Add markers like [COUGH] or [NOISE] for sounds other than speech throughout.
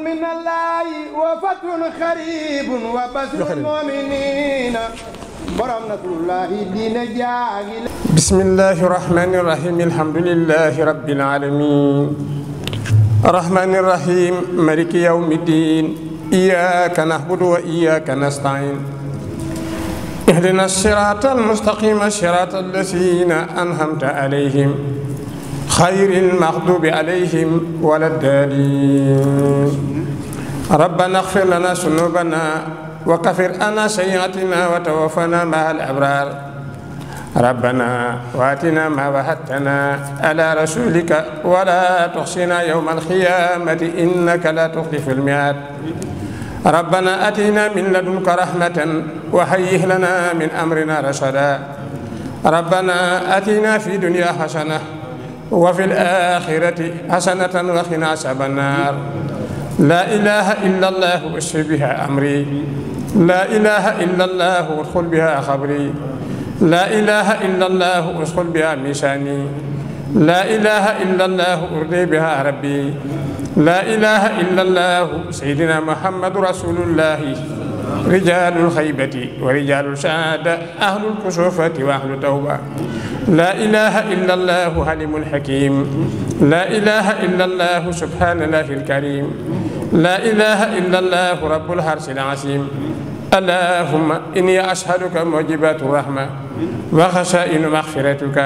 من الله وفتح قريب وبشر المؤمنين بسم الله الرحمن الرحيم الحمد لله رب العالمين الرحمن الرحيم ملك يوم الدين إياك نعبد وإياك نستعين اهدنا الصراط المستقيم الصراط الذين أنعمت عليهم خير المغضوب عليهم ولا الدالين ربنا اغفر لنا ذنوبنا وكفر أنا سيئاتنا وتوفنا مع الأبرار ربنا واتنا ما وعدتنا على رسولك ولا تخصنا يوم القيامة إنك لا تخلف الميعاد ربنا أتنا من لدنك رحمة وهيئ لنا من أمرنا رشدا ربنا أتنا في دنيا حسنة وفي الآخرة حسنة وقنا عذاب النار لا إله إلا الله اشف بها أمري لا إله إلا الله وادخل بها خبري لا إله إلا الله وادخل بها ميساني لا إله إلا الله أرضي بها ربي لا إله إلا الله سيدنا محمد رسول الله رجال الخيبة ورجال الشهادة أهل الكسوفة وأهل التوبة لا إله إلا الله حليم الحكيم لا إله إلا الله سبحان الله الكريم لا إله إلا الله رب الحرس العظيم اللهم إني أشهدك موجبات الرحمة وخشائن مغفرتك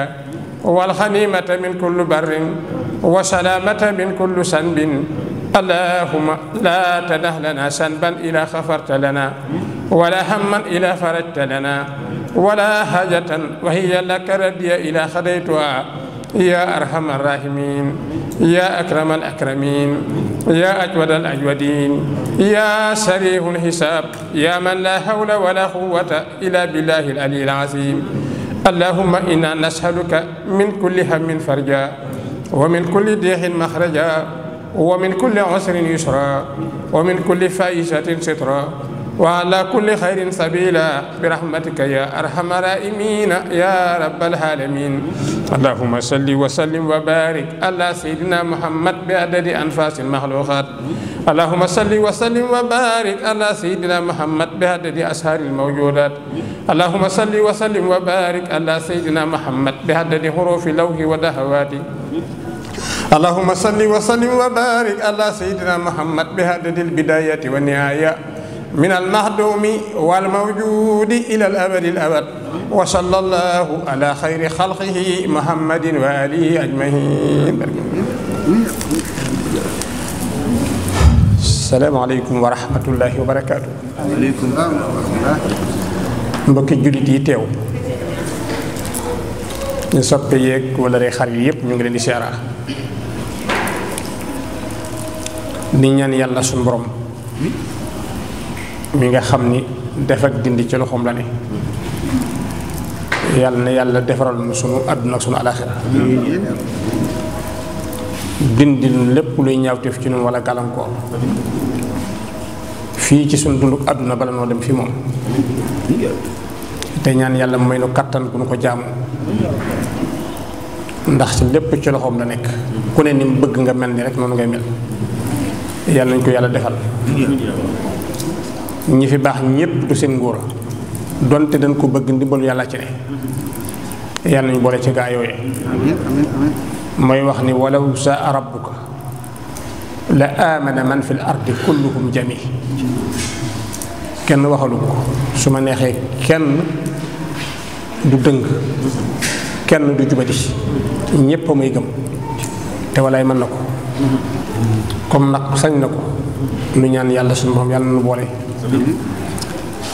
والخنيمة من كل بر وسلامة من كل سنب اللهم لا تدع لنا سنبا إلا خفرت لنا ولا هما إلا فرجت لنا ولا حاجة وهي لك ردي إلى خديتها يا أرحم الراحمين يا أكرم الأكرمين يا أجود الأجودين يا سريع الحساب يا من لا حول ولا قوة إلا بالله العلي العظيم اللهم إنا نسألك من كل هم فرجا ومن كل ضيق مخرجا ومن كل عسر يسرا ومن كل فائشة سترا وعلى كل خير سبيلا برحمتك يا أرحم الراحمين يا رب العالمين اللهم صل وسلم وبارك على سيدنا محمد بعدد أنفاس المخلوقات اللهم صل وسلم وبارك على سيدنا محمد بعدد أسهار الموجودات اللهم صل وسلم وبارك على سيدنا محمد بعدد حروف لوه ودهوات اللهم صل وسلم وبارك على سيدنا محمد بعدد البداية والنهاية من المهدوم والموجود إلى الأبد الأبد وصلى الله على خير خلقه محمد وآله أجمعين السلام عليكم ورحمة الله وبركاته عليكم ورحمة الله yi teew ñu soppe yeeg wala rey خريب yi yëpp ñu ngi leen di mi nga xam ni def ak dindi ci loxom la ne yàlla na yàlla defaral nu sunu àdduna ak sunu alaxira dindi lépp luy ñaawteef ci nun wala gàllankoor fii ci sunu dunduk àdduna bala noo dem fi moom te ñaan yàlla may nu kàttan ku nu ko jaamu ndax lépp ci loxom la nekk ku ne ni bëgg nga mel ni rek noonu ngay mel yàlla nañ ko yàlla defal ñi fi baax ñépp du seen ngóora donte dañ ko bëgg ndimbalu yàlla ci ne yàlla nañu boole ci gaa yooyee mooy wax ni walaw saa rabbuka la aamana man fi l ardi kulluhum jami kenn waxalu ko su ma neexee kenn du dëng kenn du jubadi ñépp a may gëm te walaay mën na ko mm-hmm. comme nag sañ na ko lu ñaan yàlla suñu borom yàlla nu boole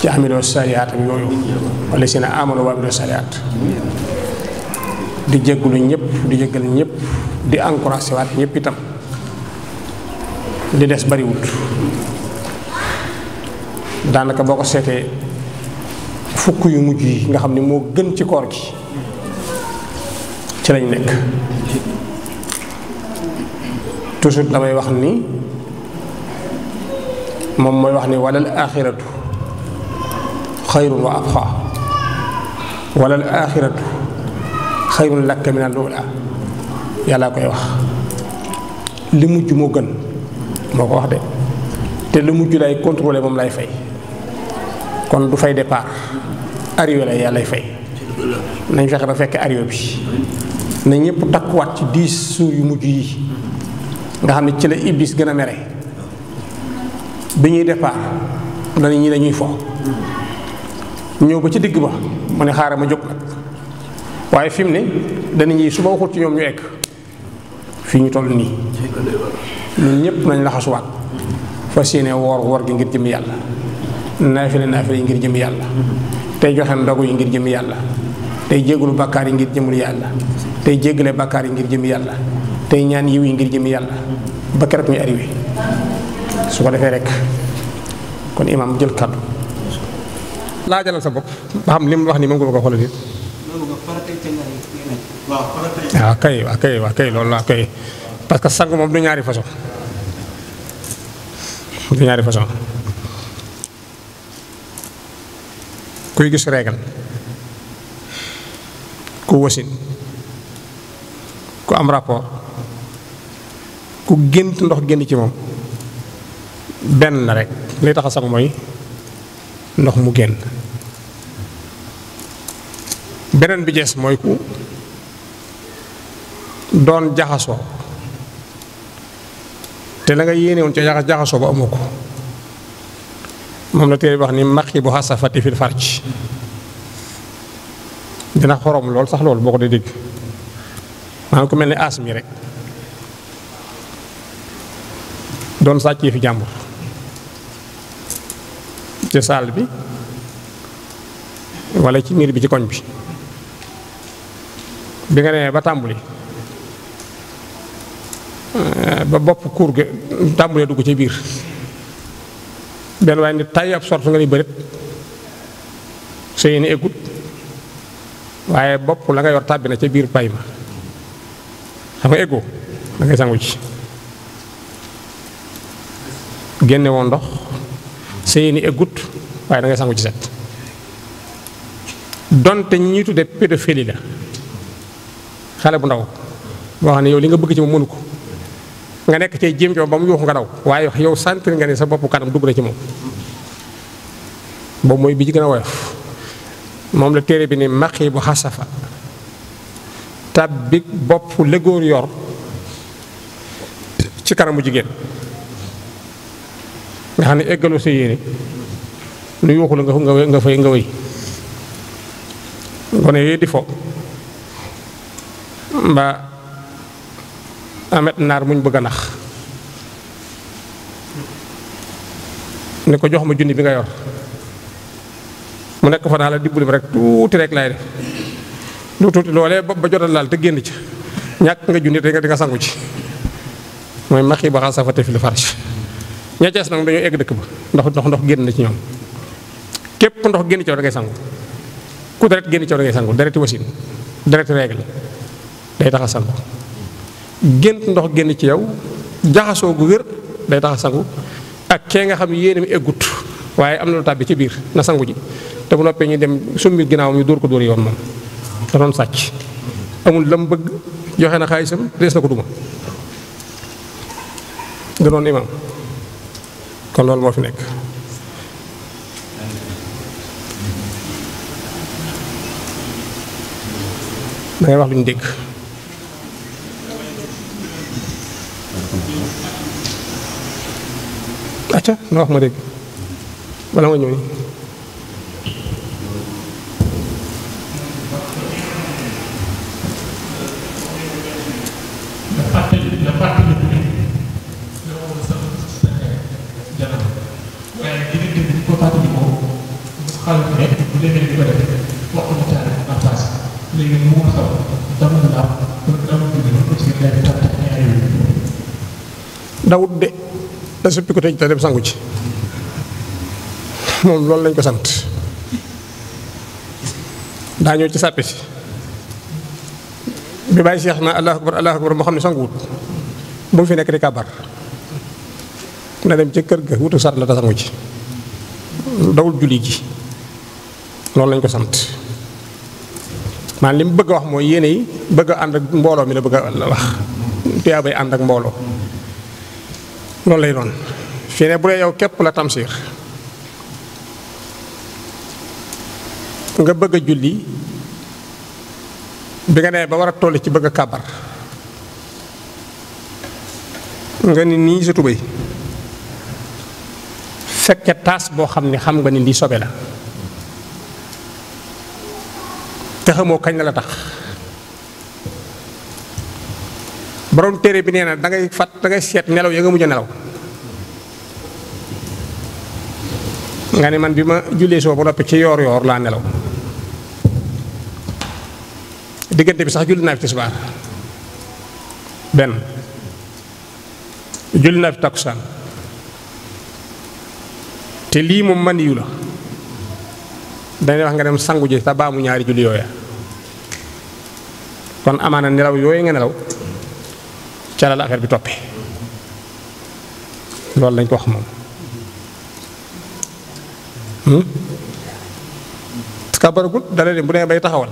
ci amiloo sariyaat ak yooyu wala si ne amono waa amiloo sariyaat di jéggulu ñëpp di jéggal ñëpp di encouragé waat ñëpp itam li des bariwut daanaka boo ko seetee fukk yu mujj yi nga xam ni moo gën ci koor gi ci lañ nekk toujours damay wax ni moom mooy wax ni walal axiratu xayrun wa abqa walal axiratu xayrun lakka min al ula yàlla koy wax li mujj moo gën moo ko wax de te li mujj lay contrôler moom lay fay kon du fay départ arrivé la yàlla lay fay nañ fexe ba fekk arrivé bi na ñëpp takkuwaat ci diis suur yu mujj yi nga xam ne ci la iblis gën a mere bi ñuy départ dana ñi lañuy fo ñëw ba ci digg ba mu ne xaaral ma jóg nag waaye fi mu ne dana ñi su ma waxul ci ñoom ñu egg fi ñu toll nii ñun ñëpp nañ laxasuwaat fas yéene woor woor gi ngir jëm yàlla naafile naafile yi ngir jëm yàlla tey joxe ndogu yi ngir jëmm yàlla tey jégalu bàkkaar yi ngir jëmul yàlla tey jégale bàkkaar yi ngir jëm yàlla tey ñaan yiw yi ngir jëm yàlla ba keroog ñu arrivé su ko defee rek kon imaam jël kàddu laajalal sa bopp ba li mu wax ni moom ko bëgg a xoolal it. waaw ah, kay waaw ah, kay waaw kay loolu laa kay parce que sang moom du ñaari façon du ñaari façon kuy gis reegal ku wasin ku am rapport ku gént ndox génn ci moom. benn rekk li tax a mooy ndox mu génn beneen bi jees mooy ku doon jaxasoo te la nga yéene woon ca jaxasoo ba amoo ko moom la téere bi wax ni maqi bu xasafati fil farj dina xorom lool sax loolu boo ko dee dégg maanaam ku mel ni asmi mi rek doon sàccee fi jàmbur ci saal bi walla ci miir bi ci koñ bi bi nga demee ba tàmbuli eh, ba bopp kuur gi tàmbulee dugg ci biir benn waaye nit tay ab sort nga ni bërit sëy ni eggut waaye bopp la nga yor tàbbi na ca biir pay ma xam nga eggoo da ngay sangu ci génne ndox sa yéene eggut da ngay sangu ci set donte ñi ñuy tudde pédophilie la xalé bu ndaw wax ni yow li nga bëgg ci mo mënu ko nga nek ci jëm coo ba mu yuuxu nga daw waaye wax yow nga ni sa bop kanam dugg na ci mom bo moy bi ci gëna mom la téré bi ni bu yor ci karamu jigen nga xam ne eggaloo sa yéene lu yuuxu la nga nga fay nga wéy gone yooyu di fo mbaa amet naar muñ bëgg a nax ne ko jox ma junni bi nga yor mu nekk fa naa la dibbali rek tuuti rek laay def lu tuuti loolee ba jotal laal te génn ci ñàkk nga junni te nga di nga sangu ci mooy maxi ba xasafate fi ña na des nag dañoo egg dëkk ba ndox ndox ndox génn na ci ñoom képp ndox génn ci yow da ngay sangu ku deret génn ci yow da ngay sangu dereti wasin dereti règle day tax sangu gént ndox génn ci yow jaxasoo gu wér day tax a sangu ak kee nga xam yéen mi eggut waaye am na lu tàbbi ci biir na sangu ji te bu noppee ñu dem summi ginnaawam ñu dóor ko dóor yoon moom da sàcc amul lam bëgg joxe na xaalisam dees na ko duma da doon kon loolu moo fi nekk da wax lu ñu dégg acca nga wax ma dégg bala nga ñëw dawut de da suppi ko tëj te dem sangu ci moom loolu lañ ko sant daa ñëw ci sàppe si bi bàyyi seex na allahu akbar allahu akbar moo xam ne sanguwut bu mu fi nekk di kàbbar na dem ci kër ga wutu sar la te sangu ci dawul julli ji loolu lañ ko sant maanaam lim bëgg wax mooy yéene yi bëgg a ànd ak mbooloo mi la bëgg a wax tuyaa bay ànd ak mbooloo loolu lay doon fii ne bu dee yow képp la tamsiir nga bëgg a julli bi nga nee ba war a toll ci bëgg a kàbbar nga ni nii sa tubay fekke taas boo xam ne xam nga ni lii sobe la te xamoo kañ la la tax borom téere bi nee na da ngay fat da ngay seet nelaw ya nga mujj nelaw nga ne man bi ma jullee soo ba noppi ci yoor yoor laa nelaw diggante bi sax julli naa fi tisbaar benn julli naa fi takkusaan te lii moom man la dañ wax nga dem sangu ji te baamu ñaari julli yooya kon amana nelaw yoy nga nelaw ci la affaire bi topé lol lañ ko wax hmm parce que gut dala dem bu dee bay taxawal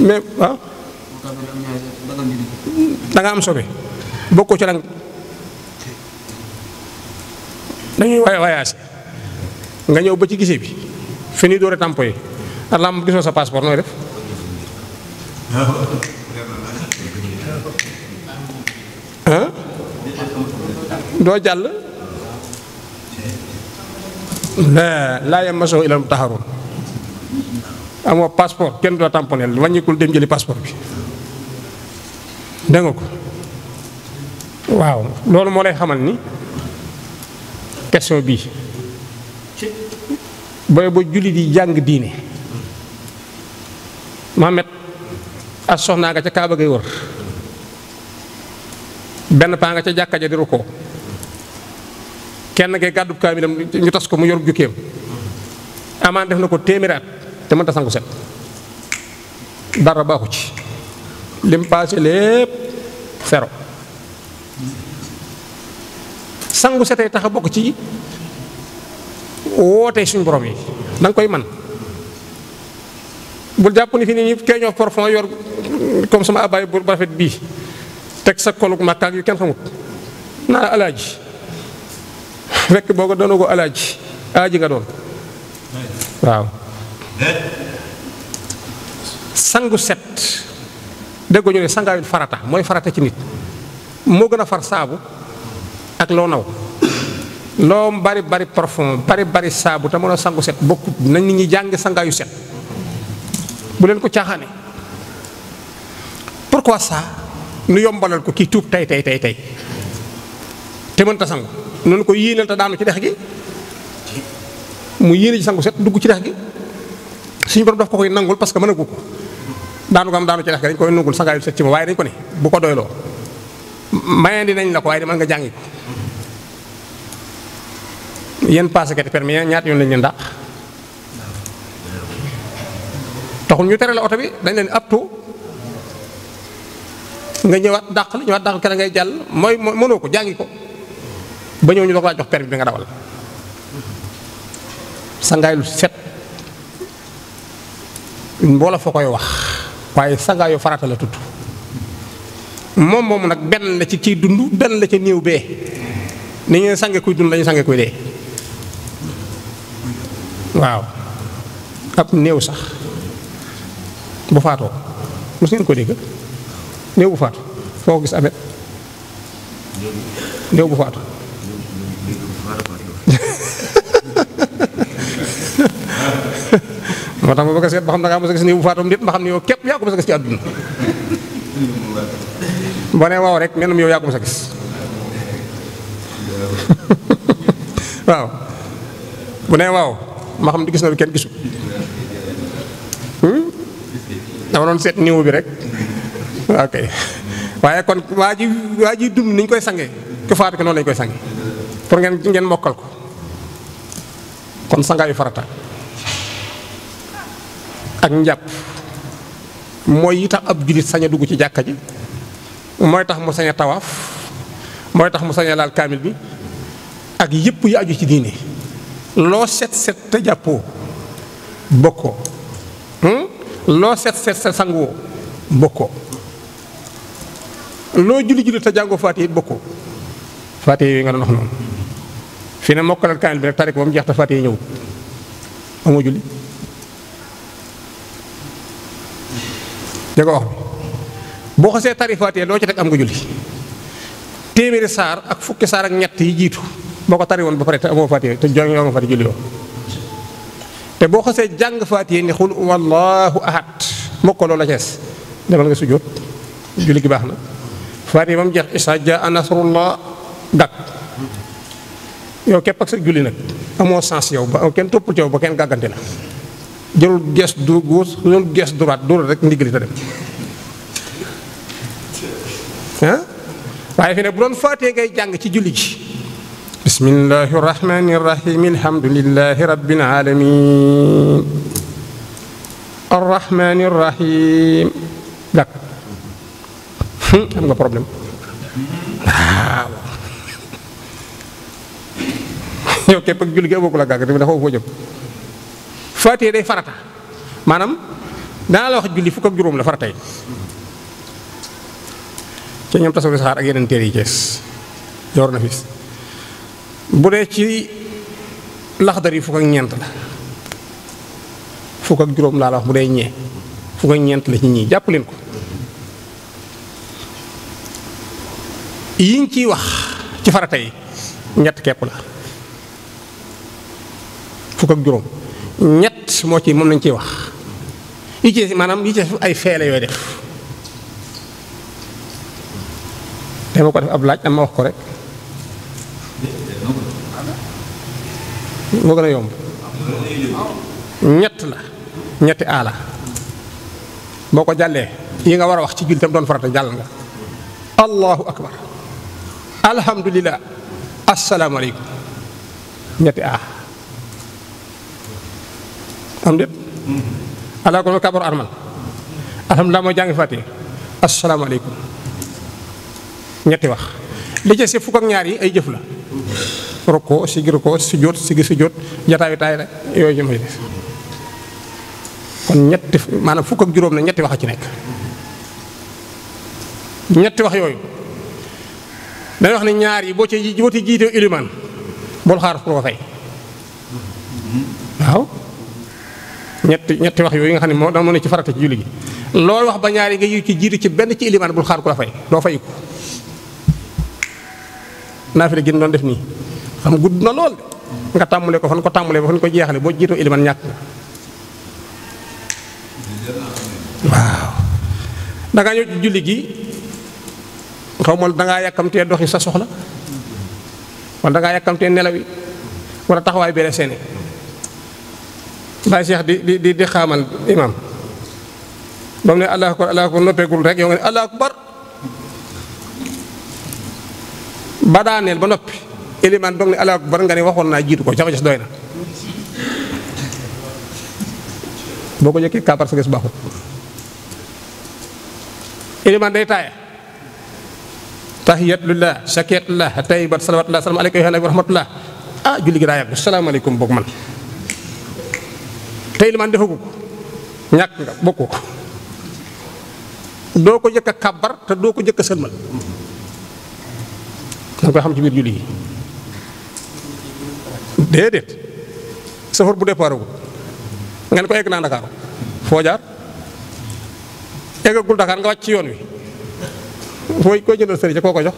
mais waaw da nga am sobe bokku ci lang dañuy way wayaase nga ñew ba ci gisé bi fini do dóore tampoy alam gisoo sa passeport nooy def ah doo jàll laa laa yam masoo ilal mu taxaroon amoo passeport kenn doo tamponeel wàññeekul dem jëli passeport bi dégg ko waaw loolu moo lay xamal ni question bii booy ba jullit yi jàng diine Mohamed as soxnaa nga ca kaaba ngay wër benn paa nga ca jàkka ja di rukkoo kenn ngay gàddub kaamilam ñu tas ko mu yorub jukkeem amaan def na ko téeméeraat te mënta sangu set dara baaxu ci lim paase lépp fero sangu setee tax a bokk ci wootee suñu borom yi danga koy man bul japp ni fi ni keñof keeñoo profond yor comme sama abay bu rafet bi tek sa kolug makal yu ken xamut na alaaji fekk boo ko doonoo ko alaaji aaji nga don waaw sangu set déggoo ñu ne farata moy farata ci nit mo gëna far saabu ak lo naw lo bari bari profond bari bari saabu ta mo sangu set bokku nañ ni ñi set bu len ko caaxaane pourquoi ça nu yombalal ko ki tuub tay tay tay tay te ta sang noonu ko yéenal ta daanu ci dex gi mu yéene ci sang set dug ci dex gi suñu borom daf ko koy nangul parce que mënagu ko daanu gam daanu ci dex gi dañ koy nangul sangaayul set ci ba waaye dañ ko ne bu ko doyloo mayandi nañ la ko waye man nga jangi ko yéen kat permis ñaat yoon lañu ndax taxul ñu tere la oto bi dañ leen abtu nga ñëwaat dàq la ñëwaat dàq keneen ngay jàll mooy mënoo ko jàngi ko ba ñëw ñu doog laa jox permis bi nga dawal sangaay lu set mboola foo koy wax waaye sangaayu farata la tudd moom moomu nag benn la ci ciy dund benn la ci néew bee ni ñu sange kuy dund lañu sange kuy dee waaw ab néew sax bu faatoo mos ngeen ko dégg néew bu faatu foo gis amet néew bu faatu [LAUGHS] moo tax ma bëgg a seet ba xam da ngaa mos gis néew bu faatoom lépp ma xam ne yow képp yaa ko gis ci àdduna boo nee waaw rek menum yow yaa ko gis [LAUGHS] waaw bu nee waaw ma xam ne gis na lu kenn gisul dama doon set niveau bi rek ok waye kon waji waji dum niñ ni koy sangé ko faatu ko non lañ koy sangé pour ngeen ngeen mokal ko kon sangaayu farata ak njàpp moy yi tax ab julit sañ a dugg ci jakka ji moy tax mu sañ tawaf moy tax mu sañ lal kamil bi ak yépp yu aju ci lo set set jappo boko, hmm loo set set sa sangoo bokkoo loo julli julli te jàngoo faatiha it bokkoo faatiha yooyu nga doon wax noonu fi ne mokkalal kaamil bi rek tarik ba mu jeex te faatiha ñëwut amoo julli jago wax boo xasee tari faatiha loo ci am nga julli téeméeri saar ak fukki saar ak ñett yi jiitu boo ko tari woon ba pare te amoo faatiha te jox nga faatiha julli woo te bo xose jang faatiye ni khul wallahu ahad lo la cees demal nga sujud julli gi baxna na faatiye jeex isa ja anasrullah dak yow kep ak sa julli nak amo sens yow ba top ci yow ba ken gagantina la jëlul gees du guus jëlul gees droite dóor rek ndigali ta dem hein waye fi ne bu don faatee ngay jang ci julli ci بسم الله الرحمن الرحيم الحمد لله رب العالمين الرحمن الرحيم لك am nga problème waaw yow képp ak julli gi abokku la gàgg tamit dafa foo jëm faatee day farata maanaam danaa la wax julli fukk ak juróom la faratay ca ñoom tasawri saxaar ak yeneen téere yi cees yor na fis bu dee ci laxdar yi fukk ak ñeent la fukk ak juróom laa la wax bu dee ñee fukk ak ñeent la ci ñii jàpp leen ko yi yiñ ciy wax ci farata yi ñett kepp la fukk ak juróom ñett moo ci moom lañ ciy wax yi ci maanaam yi ci ay feele yooy def dama ko def ab laaj dama wax ko rek mo gëna a yomb ñett la ñetti ala boko jalle yi nga wara wax ci jultam doon farata jall nga allahu akbar alhamdulillah assalamu alaykum ñetti a am deb ala ko kabar armal alhamdulillah mo jangi fatih assalamu alaykum ñetti wax li ci si fukk ak ñaar yi ay jëf la rukkoo siggi rukkoo sujjóot siggi sujjóot jataayu taay yooyu ñu may kon ñetti maanaam fukk ak juróom na ñetti wax a ci nekk ñetti wax yooyu day wax ne ñaar yi boo ci boo ci jiitee ilimaan bul xaar pour wax yooyu nga xam ne moo da ci farata ci julli gi ci benn ci ilimaan bul xaar ku la fay doo fay ko naafile gi doon def nii xam gudd na lool nga tàmmule ko fan ko tàmmule fan ko jeexale boo jiitoo iliman ñàkk waaw danga ñëw ci julli gi xaw ma dangaa yàkkamtee doxi sa soxla wala dangaa yàkkamtee nelaw yi wala taxawaay bere seeni bàyyi cheikh di di di xaamal imam ba mu ne allah akbar allah akbar noppeegul rek yow nga ne allah akbar ba ba noppi eleman doog ala bar nga ni waxon na jitu ko ca jass doyna boko boo ko njëkkee kaabar baxu eleman day tay day taaya tahiyatullah sakiyatullah tayyibat salawat salaam salam yohana wa rahmatullah ah julli gi daa yàgg salaamaaleykum boog man tay eleman defugo ñak nga bokku ko doo ko jëkk a te doo ko jëkk a da nga xam ci bir julli dedet safar bu départagul nga ne ko ek na Dakar fo jaar eggagul Dakar nga wacc ci yoon wi foy ko jëndal sëri ca koko jox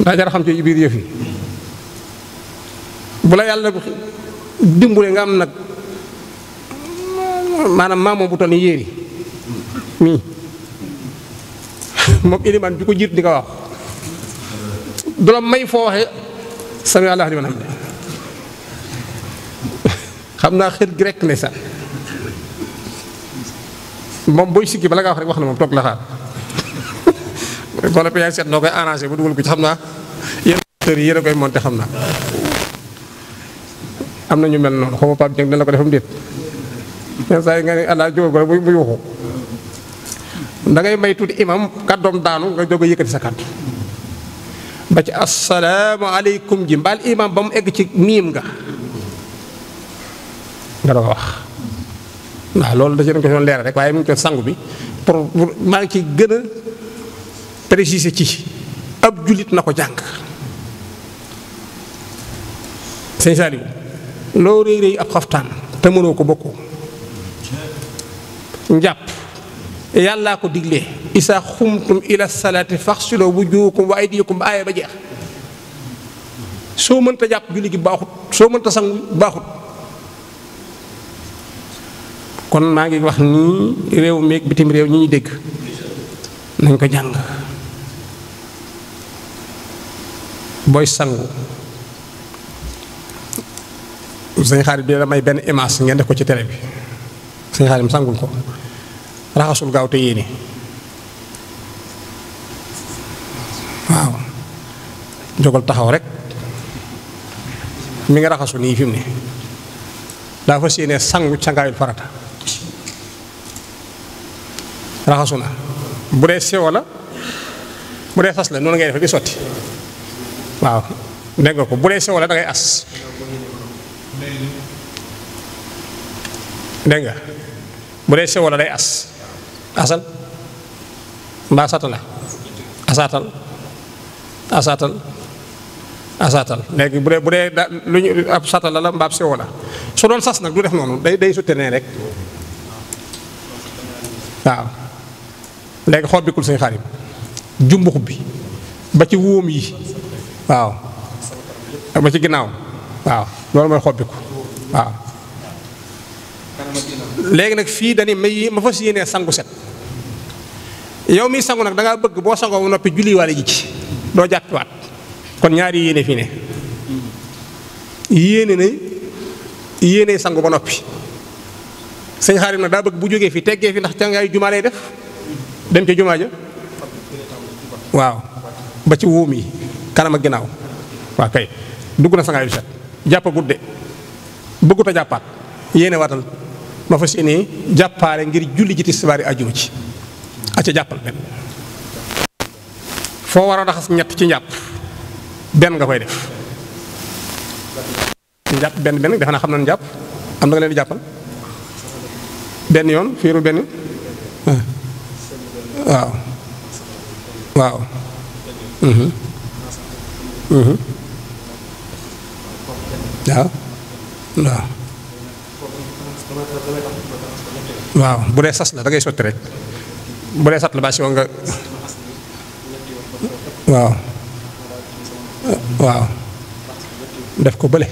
da jar xam ci biir yëf bu la yalla dimbulé nga am nak manam mamo bu toni ni mi mom iliman ju ko wax dula may fo waxe sami Allahu liman hamida xam naa xër gi rek ndeysaan moom booy sikki bala ngaa wax rek wax la moom toog la xaar ba noppi yaay seet noo koy arrangé ba dugal ko ci xam naa yéen yi yéen a koy monté xam naa am na ñu mel noonu xaw ma Pape Dieng la ko defam déet yenn saa yi nga ne allah jógal ko rek muy waxu da ngay may tuuti imam kàddoom daanu nga jóg a yëkkati sa kàddu ba ci asalaamaaleykum ji mbaal imaam ba mu egg ci miim nga nga doon wax waaw loolu da ci dañ ko doon leeral rek waaye mu ngi ko sangu bi pour maa ngi ci gën a préciser ci ab jullit na ko jàng sëñ Saliou loo réy réy ab xaftaan te mënoo ko bokkoo njàpp yàllaa ko diglee isaa xumtum ila salaati faxsiloo wujuukum wa ko ba aaya ba jeex soo mënta jàpp julli gi baaxut soo mënta sangu baaxut kon maa ngi wax nii réew meeg bitim réew ñi ñu dégg nañ ko jàng booy sangu sëñ xaalis bi damay benn image ngeen def ko ci télé bi sëñ xaalis sangul ko raxasul gaaw te yéene waaw jógal taxaw rek mu ngi raxasu nii fi mu ne daa fas yéene sangu sangaayul farata raxasu na bu dee sewo la bu dee sas la noonu ngay def di sotti waaw dégg nga ko bu dee sewo la da as dégg nga bu dee sewo la day as asal mbaa satala asaatal asaatal asaatal léegi bu dee bu dee da lu ñu ab satala la mbaab siwo la su doon sas nag du def noonu day day sutte nee rek waaw léegi xool bi xarit jumbu bi ba ci wóom yi waaw ba ci ginnaaw waaw loolu mooy xobbiku waaw léegi nag fii dañuy may ma fas yéenee sangu set yow miy sangu nag da bëgg boo sangoo ba noppi julliwaale ji ci doo jàppiwaat kon ñaari yéene fii ne yéene na yéene sangu ba noppi sëñ xaarim nag daa bëgg bu jógee fii teggee fi ndax cangaayu jumaa lay def dem ca jumaa ja waaw ba ci wóom yi kanam ak ginnaaw waaw kay dugg na sangaayu set jàppagut de bëggut a jàppaat yéene waatal ma fa yéene jàppaale ngir julli ci tisbari aju ci aca jàppal benn foo war a raxas ñet ci ñap ben nga koy def ñap ben ben def na xam na njàpp am nga leen di jàppal benn yoon fiiru benn ah. waaw waaw yeah. Mhm. Mhm. waaw waaw bu dee sas la da ngay sotti rek bu dee sat la bâche nga waaw waaw def ko bële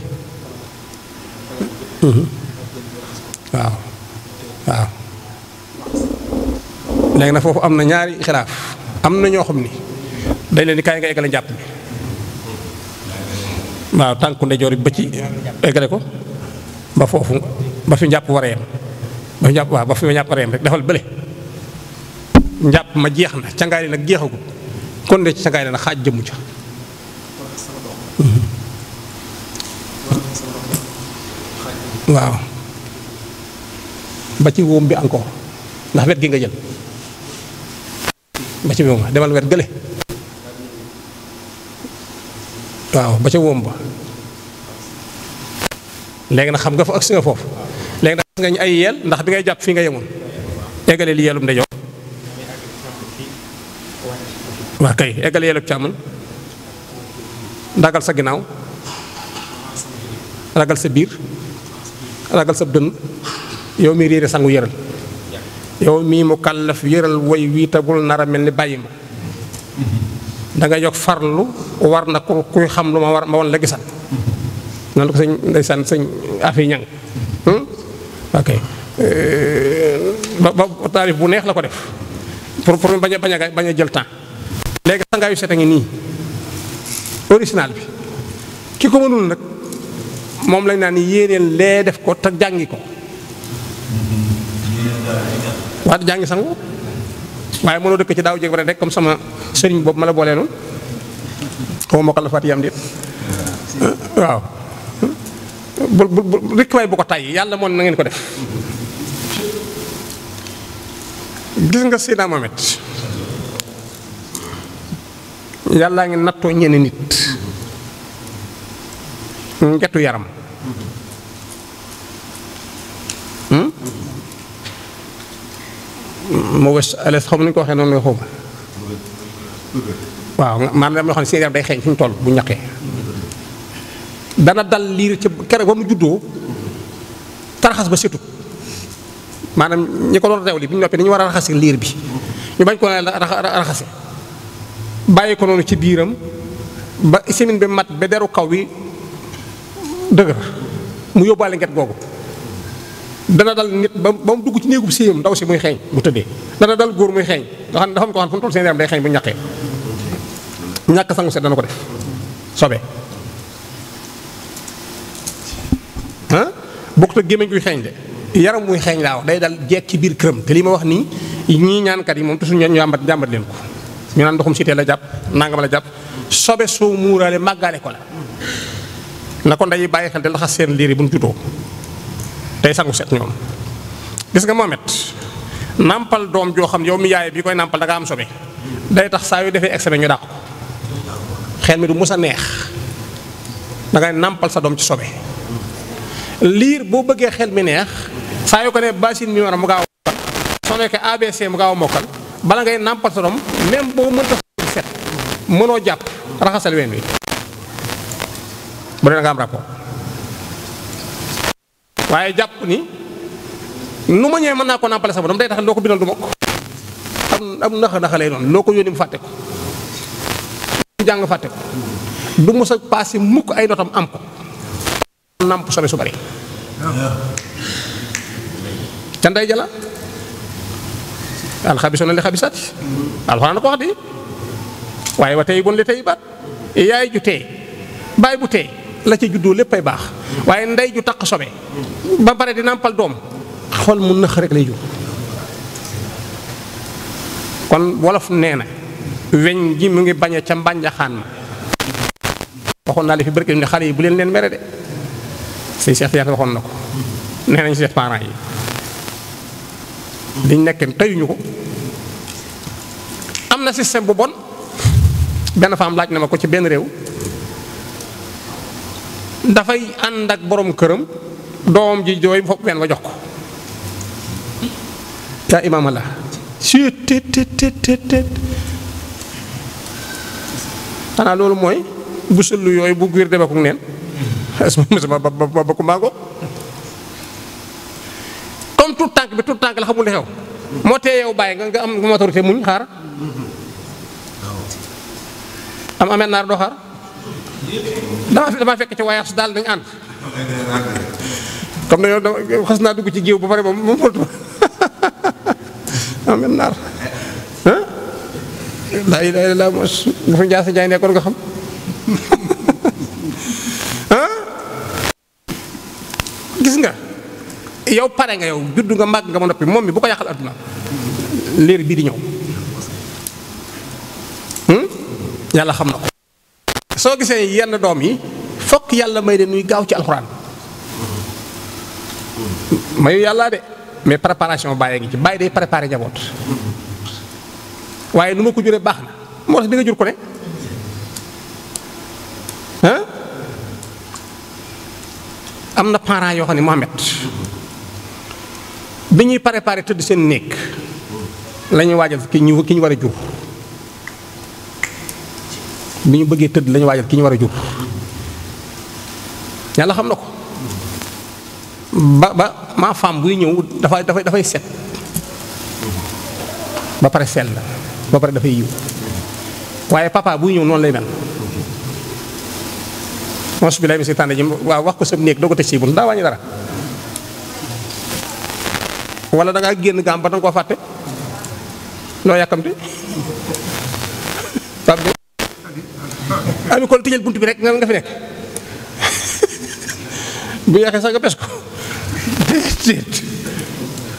mhm. waaw waaw léegi nag foofu am na ñaari xilaaf am na ñoo xam ni dañ leen di kaay nga eggale njàpp bi waaw tànku ndeyjoor bi ba ci eggale ko ba foofu ba fi njàpp war ba fi njàpp waaw ba fi njàpp war a yem rek defal bële njàpp ma jeex na cangaay li nag jeexagul kon de ci cangaay li nag xaaj jëmu ca mhm. waaw ba ci woom bi encore ndax wet gi nga jël ba ci wóom demal wet gële waaw ba ca wóom ba léegi na xam nga fa agsi nga foofu léegi nag nga ñu ay yel ndax bi ngay japp fi nga yemoon eggale li yelum ndeyjoor wa kay eggale yeelub càmmoñ ndagal sa ginaaw ragal sa bir ragal sa dënn yow mi réere sangu yëral yow mi mukallaf kàllaf yëral way wi tagul nara melni bayima da nga yokk farlu war na ko kuy xam luma war ma won la gisal nalu ko sëñ ndaysan sëñ afi ñang hmm? ok eh, ba ba tarif bu neex la ko def pour pour baña baña baña jël temps légui sangaayu set a ngi nii original bi ki ko mënul nak mom lañ naan yéeneen lé def ko tak jangi ko wat jangi sangu waye mënu dëkk ci daaw jéeg rek comme sama sëriñ bob mala bolé non ko oh, mo kala fat yam dit eh, waaw bu bu rikk waay bu ko tàyyi yàlla moom na ngeen ko def gis nga Seydina Mohamed yàllaa ngi nattoo ñenn nit ngetu yaram hmm? mu wes ales xaw ma nu ñu ko waxee noonu la xaw ma waaw maanaam yoo xam ne seen yaram day xeeñ fi ñu toll bu ñaqee dana dal lir ci kere bamu mu juddoo tarxas ba setut manam ñi ko doon teew li bi ñu ni ñu war a lir bi ñu bañ ko raxasi bayé ko noonu ci biram ba semaine bi mat be deru kaw wi dëgër mu yobale ngat gogou dana dal nit ba mu dugg ci neegu seyum ndaw si muy xey mu tëddee dana dal goor muy xey xam dafa ko xam fu mu toll seen yaram day xey bu ñaké ñàkk sangu set dana ko def sobe bokkut ak gémmiñ guy xeeñ de yaram muy xeeñ la wax day dal jeeg ci biir këram te lima wax ni ñi ñaan kat yi mom tusu ñu jàmbat jambat leen ko ñu naan ndoxum sitee la japp nangam la japp sobe so muuraale magale ko la nako nday baye xel te laxas liri buñ tay sangu set ñoom gis nga momet nampal dom jo xam yow mi yaay bi koy nampal da nga am sobe day tax sa yu defé examen ñu dàq xel mi du musa neex da nga nampal sa dom ci sobe lire bo beugé xel mi neex sa yo ko né basin mi wara mu gaaw soné nekkee abc mu gaaw mokal bala ngay nampatorom même bo mën ta set mëno japp raxasal wén wi bu dee nga am rapport waye japp ni numa ñëw mëna ko nampalé sama doom day tax loko bindal du mokk am am nax naxa lay doon loo ko mu faté ko jang faté ko du mos passé mukk ay notam am ko nàmp sore su bari ya. canday jala alxabisuna li Al alxuraan ko wax Way wa tay bun li tay bat. yaay ju tey Bay bu tey la ci juddoo leppay bax. Way nday ju tak sobe ba bare di nampal dom. xol mu nëx rek lay kon wolof neena. weñ gi mu ngi baña ca mbanja ma Waxon na li fi barke ni xali bu len len mere de sëñ Cheikh Diatta waxoon na ko nee nañ seen parents yi liñ nekkee tayuñu ko am na système bu bon benn femme laaj na ma ko ci benn réew dafay ànd ak borom këram doom ji jooy fopp benn ba jox ko yaa imaama la su tët tët tët xanaa loolu mooy bu sëllu yooyu bu giir deme ko neen sama ba ba ba kumbaango comme tout tànk bi tout tànk la xamul li xew moo tee yow bàyyi nga nga am maturité muñ xaar am amee naar doo xaar damaa fekk ci wayaas daal dañ ànd comme dañoo dama xas naa dugg ci géew ba pare ba mu mënatu amee [LAUGHS] naar laa ilaaha illallaah mos nga fi njaay sa njaay nekkoon nga xam [LAUGHS] yow pare nga yow juddu nga màgg nga ma noppi moom mi bu ko yàqal adduna léer bii di ñëw hmm? yàlla xam na ko soo gisee yenn doom yi fokk yàlla may de nuy gaaw ci alxuraan mayu yàlla de mais préparation bàyyi ngi ci bàyyi day préparé njaboot waaye nu ma ko juree baax na moo tax di jur ko ne am na parent yoo xam ne Mohamed bi ñuy pare pare tëdd seen néeg la ñuy waajal ki ñu ki ñu war a jur bi ñu bëggee tëdd lañu ñuy waajal ki ñu war a jur yàlla xam na ko ba ba ma femme buy ñëw dafa dafay dafay set ba pare sell ba pare dafay yiw waaye papa buy ñëw noonu lay mel mos bi lay mi si tànn ji waaw wax ko sa néeg doo ko tëj si bun daa wàññi dara wala da ngaa génn gaam ba danga koo fàtte loo yàkkamte ami kon tëjal bunt bi rek nga nga fi nekk [LAUGHS] bu yeexee sax nga bes ko déedéet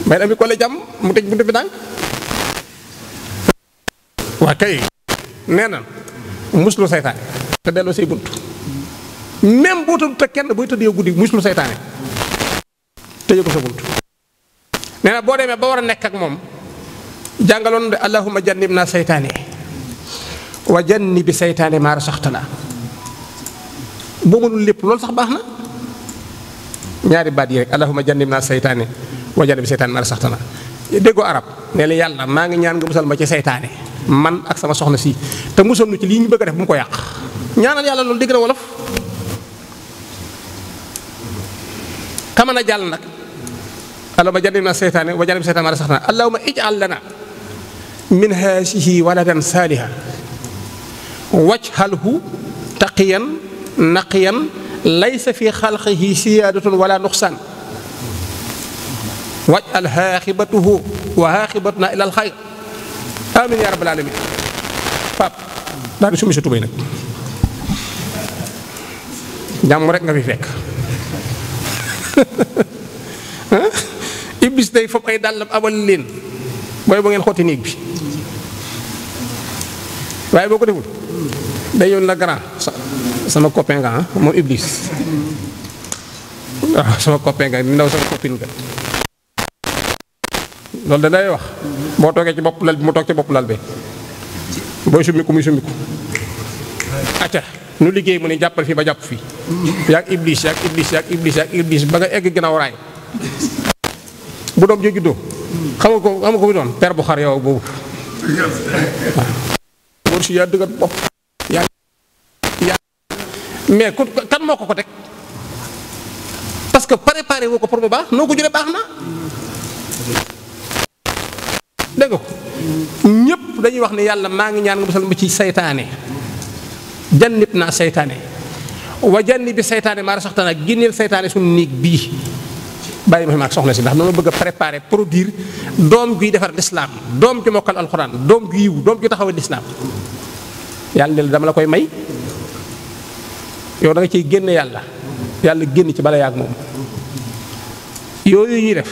may ami kon la jàmm mu tëj bunt bi daan waa kay nee na muslu seytaane te delloo si bunt même boo tëdd te kenn booy tëdd yow guddi muslu seytaane te yëgu sa bunt nee na boo demee ba war a nekk ak moom jàngaloon de allahuma jannib naa seytaane wa janni bi seytaane maa rasaxtana boo mënul lépp loolu sax baax na ñaari baat yi rek allahuma jannib naa seytaane wa janni bi seytaane maa rasaxtana déggoo arab ne la yàlla maa ngi ñaan nga musal ma ci seytaane man ak sama soxna si te musal nu ci lii ñu bëgg a def bu mu ko yàq ñaanal yàlla loolu dégg na wolof kamana jàll nag ما جنبنا الشيطان وجنب الشيطان ما رزقنا اللهم اجعل لنا من هاشه ولدا صالحا واجهله تقيا نقيا ليس في خلقه سيادة ولا نقصان واجعل هاخبته وهاخبتنا إلى الخير آمين يا رب العالمين باب لا di summi sa tubéy nag jàmm rek bis day fab ay dàllam abal leen booy ba ngeen xotti néeg bi waaye boo ko deful day yoon la grand sama copain nga ah, moom iblis waaw ah, sama copain nga ndaw sama copine nga loolu da lay wax boo toogee ci bopp lal bi mu toog ci bopp lal bi booy summiku muy summiku acca nu liggéey mu ne jàppal fii ba jàpp fii yaag iblis yaag iblis yaag iblis yaag iblis ba nga egg ginnaaw raay bu dom jo juddoo xam nga ko xam nga ko don père bu xar yow bu war ci yaa gat bop ya ya mais ko kan moko ko tek parce que préparer woko pour mu bax noko jure baxna dego ñepp dañuy wax ni yalla ma ngi ñaan nga musal ma ci saytaane jannib naa saytaane wa janni bi saytaane maa rasaxtana génneel saytaane suñu néeg bii bàyyi ma ak soxla ci ndax noonu bëgg préparer produire dom gui defar l'islam dom ju mokal alcorane dom gui yiw dom ju taxawal l'islam yalla ne la dama la koy may yow da nga ci génn yalla yalla génn ci bala yaag mom yoyu ñi def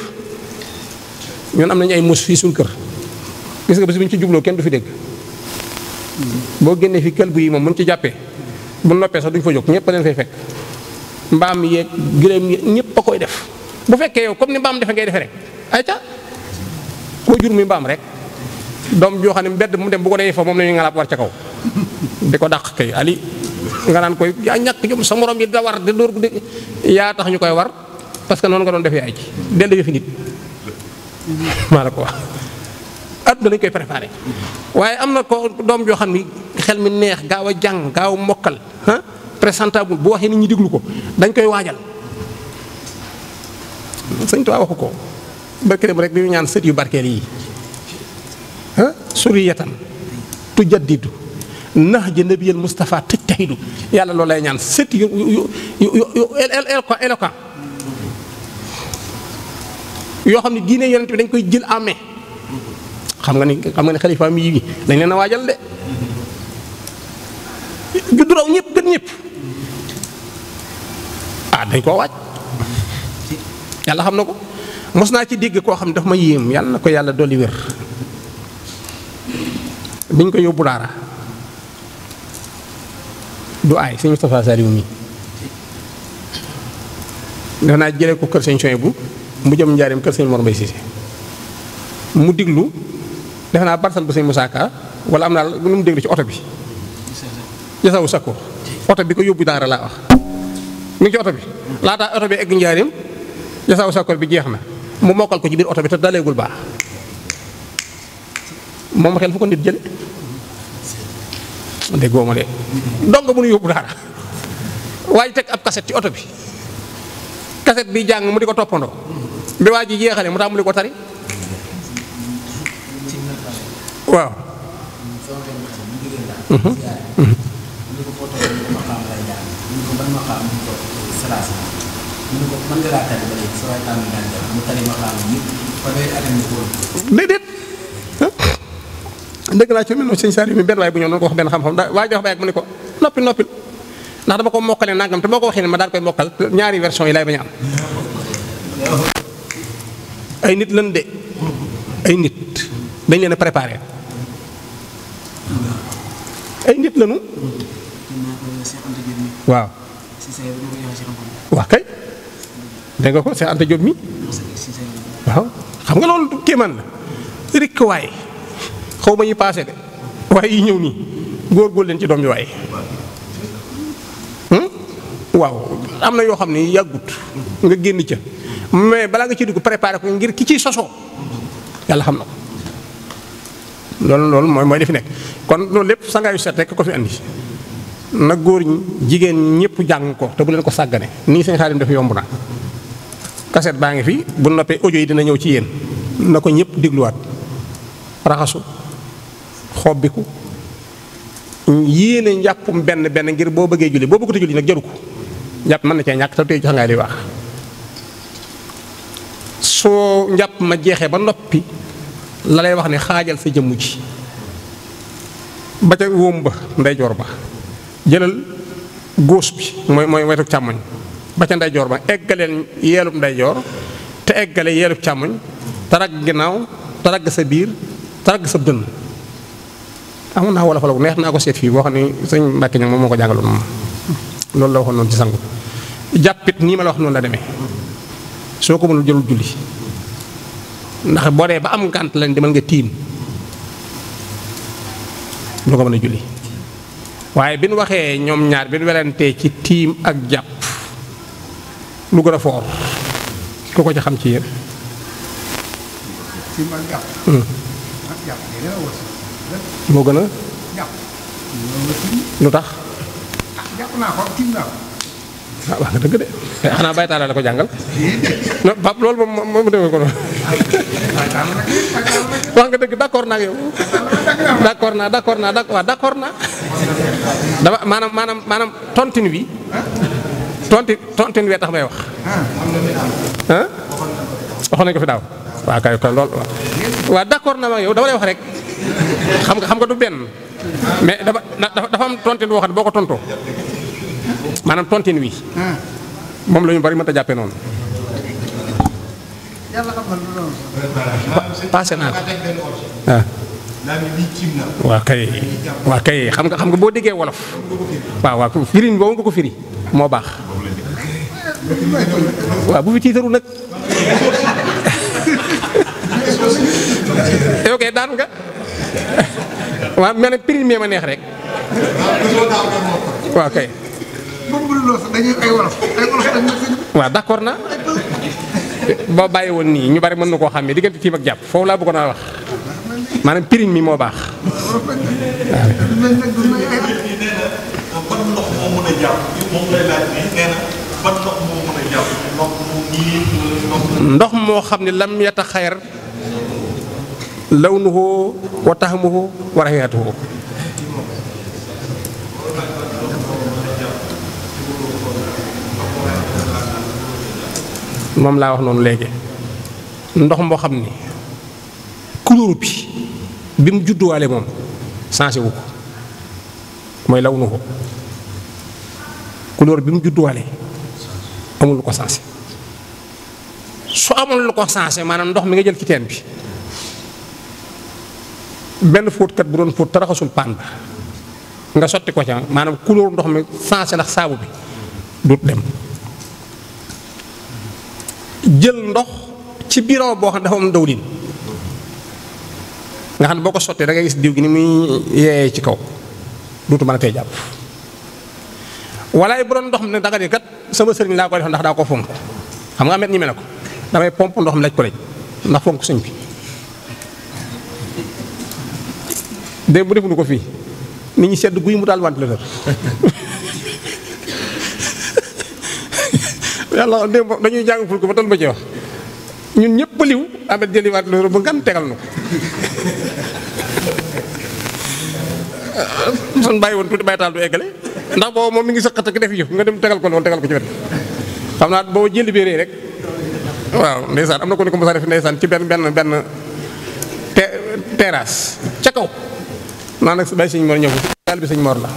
ñun am nañu ay mus fi sun kër gis nga bés bu ci jubloo kenn du fi dégg bo génnee fi kël bu yi mom mën ci jappé bu noppé sax duñ fa jox ñepp dañ fay fekk mbaam yeeg gërem ñëpp a koy def bu fekke yow comme ni mbam def ngay def rek ay ca ko jur mi mbam rek dom jo xani mbedd mu dem bu ko dee fa moom la war ca kaw diko dak kay ali nga nan koy ya ñak jom sa morom yi da war di dóor di tax ñukoy war parce que non nga don def ay ci dend yëfi nit maa ko wax adduna lañ koy préparer waye amna ko dom jo xani xel mi neex gaaw jang gaaw mokal hein ah, présentable bu waxe nit ñi diglu ko dañ koy wajal sëñ Tuubaa waxu ko barkeelam rek bi ñu ñaan sët yu barkeel yi ah suriyatan tujaddidu nahja nabiyil Mustafa tajtahidu yàlla lool lay ñaan sët yu yu yu yu éloquent yoo xam ne diine yonent bi dañ koy jël ame xam nga ni xam nga ni mi yi dañ leen a waajal de juddu raw ñëpp gën ñëpp ah dañ koo waaj. yàlla xam na ko mos naa ci dégg koo xam ne dafa ma yéem yàlla na ko yàlla dolli wér biñ ko yóbbu daara du aay sëñ Moustapha Saliou mi def naa jële ko kër sëñ Soye bu mu jëm njaarim kër sëñ Mor mu diglu def naa barsal bu sëñ Moussa Ka wala am naa lu mu déglu ci oto bi sa sakko oto bi ko yóbbu daara laa wax mu ngi ci oto bi laataa oto bi egg njaarim jasaaw sakkoor bi jeex na mu mokkal ko ci biir oto bi te daleegul baax moom xel fu ko nit jële déggoo ma de dong bu nu yóbbu dara waaye teg ab kaset ci oto bi kaset bi jàng mu di ko toppandoo bi waa ji jeexale mu tàmbali ko tari waaw mhm. Mhm. Mhm. mu ne ko mën nga laa tari sa waay tàmm mu ko benn waay bu ñëw noonu ko wax benn xam-xam daa jox ba yàgg mu ne ko noppil noppil ndax dama ko mokkale nangam te boo ko waxee ne ma daal koy mokkal ñaari version yi laay bañ am ay nit lan de ay nit dañ leen a préparé ay nit lanu waaw waaw kay dégg nga ko Cheikh Anta Diop mi waaw xam nga loolu kéemaan la rikk waay xaw ma ñi paase de waaye yi ñëw nii góor góor leen ci doom yi waaye hmm? waaw am na yoo xam ne yàggut nga génn ca mais balaa nga ci dugg préparé ko ngir ki ciy sosoo yàlla xam na ko loolu loolu mooy mooy li nekk kon loolu lépp sangaayu set rekk ko fi andi na góor ñi jigéen ñëpp jàng ko te bu leen ko sàggane nii seen xaalim dafa yomb na kaset baa ngi fi bu noppee audio yi dina ñëw ci yéen na ko ñëpp dégluwaat raxasu xobbiku yéene njàppum benn benn ngir boo bëggee julli boo bëggut a julli nag jaru ko njàpp mën na cee ñàkk te jox ngay li wax soo njàpp ma jeexee ba noppi la lay wax ni xaajal sa jëmm ji ba ca wóom ba ndeyjoor ba jëlal góos bi mooy mooy wetu càmmoñ ba ca ndeyjoor ba eggaleen yeelub ndeyjoor te eggale yeelub càmmoñ tarag ginnaaw tarag sa biir tarag sa dënn amoon naa wala fa neex naa ko seet fii boo xam ne sëñ Mbàkke ñoom moom moo ko jàngaloon moom loolu la waxoon noonu ci sangu jàppit nii ma la wax noonu la demee soo ko mënul jëlul julli ndax boo dee ba am ngànt lañ demal nga tiim doo ko mën a julli waaye bi nu waxee ñoom ñaar bi nu welantee ci tiim ak jàpp lu gën a foor ku ko ci xam ci yéen. moo gën a. lu tax. ah wax nga dëgg de eh, xanaa Baye Talla ko jàngal. non Pape loolu moom moom demee ko noonu. wax nga dëgg d' accord naa yow. d' accord naa d' accord naa d' accord naa. dama maanaam maanaam maanaam tontine bi. tontin tontin wee tax may wax. ah waxoon nañ ko fi daaw. waa kay kon lool waaw d'accord na ma yow dama lay wax rek xam nga xam nga du benn mais dafa dafa am tontin boo xam boo ko tontoo maanaam tontin wi moom la bari mën a jàppee noonu. passé naa ko ah. waaw kay xam nga xam nga boo déggee wolof waa waaw firiñ boobu nga ko firi moo baax waaw bu fi tiitaru nag yow [LAUGHS] kay nga waaw ma ne prix ma neex rek waaw kay waaw d'accord na bàyyi woon nii ñu bari mën na koo xàmmee diggante tiim ak jàpp foofu laa bëggoon naa wax maanaam prix mi moo baax ndox mo xamni lam yata khair lawnuhu wa tahmuhu wa rahiyatuhu mom la wax non léegi ndox mo xamni couleur bi bim juddou judduwaale mom changé wuko moy lawnuhu couleur bim juddou judduwaale amul ko sansé su amul lu ko sansé manam ndox mi nga jël ci teen bi foot kat bu doon foot taraxul pan ba nga soti ko ci manam couleur ndox mi sansé ndax saabu bi du dem jël ndox ci biro bo xam dafa am dawlin nga xam boko soti da ngay gis diw gi ni muy yeeyee ci kaw dutu mën tay japp walaay bu doon ndox mi ne danga ni kat sama sëriñ laa ko def ndax daa ko fonk xam nga amet ñi me ne ko damay pomp ndox mi laj ko laj ndax fonk sëñ bi de bu defuñu ko fii nit ñi sedd guy mu daal ventilateur [LAUGHS] yàlla démb dañuy jàng ful ko ba toll ba ci wax ñun ñëpp liw amet jëli ventilateur ba ngan tegal na ko sun [LAUGHS] bàyyi woon tuuti bàyyi taal du eggale ndax bo moom mi ngi sakata ki def yëf nga dem tegal ko non tegal ko ci wet xam bo boo bi rek waaw ndeysaan amna ko ni ko mo sa def ndeysaan ci ben ben ben terrasse ci kaw naa nak bay seigne mor ñëw dal bi seigne mor la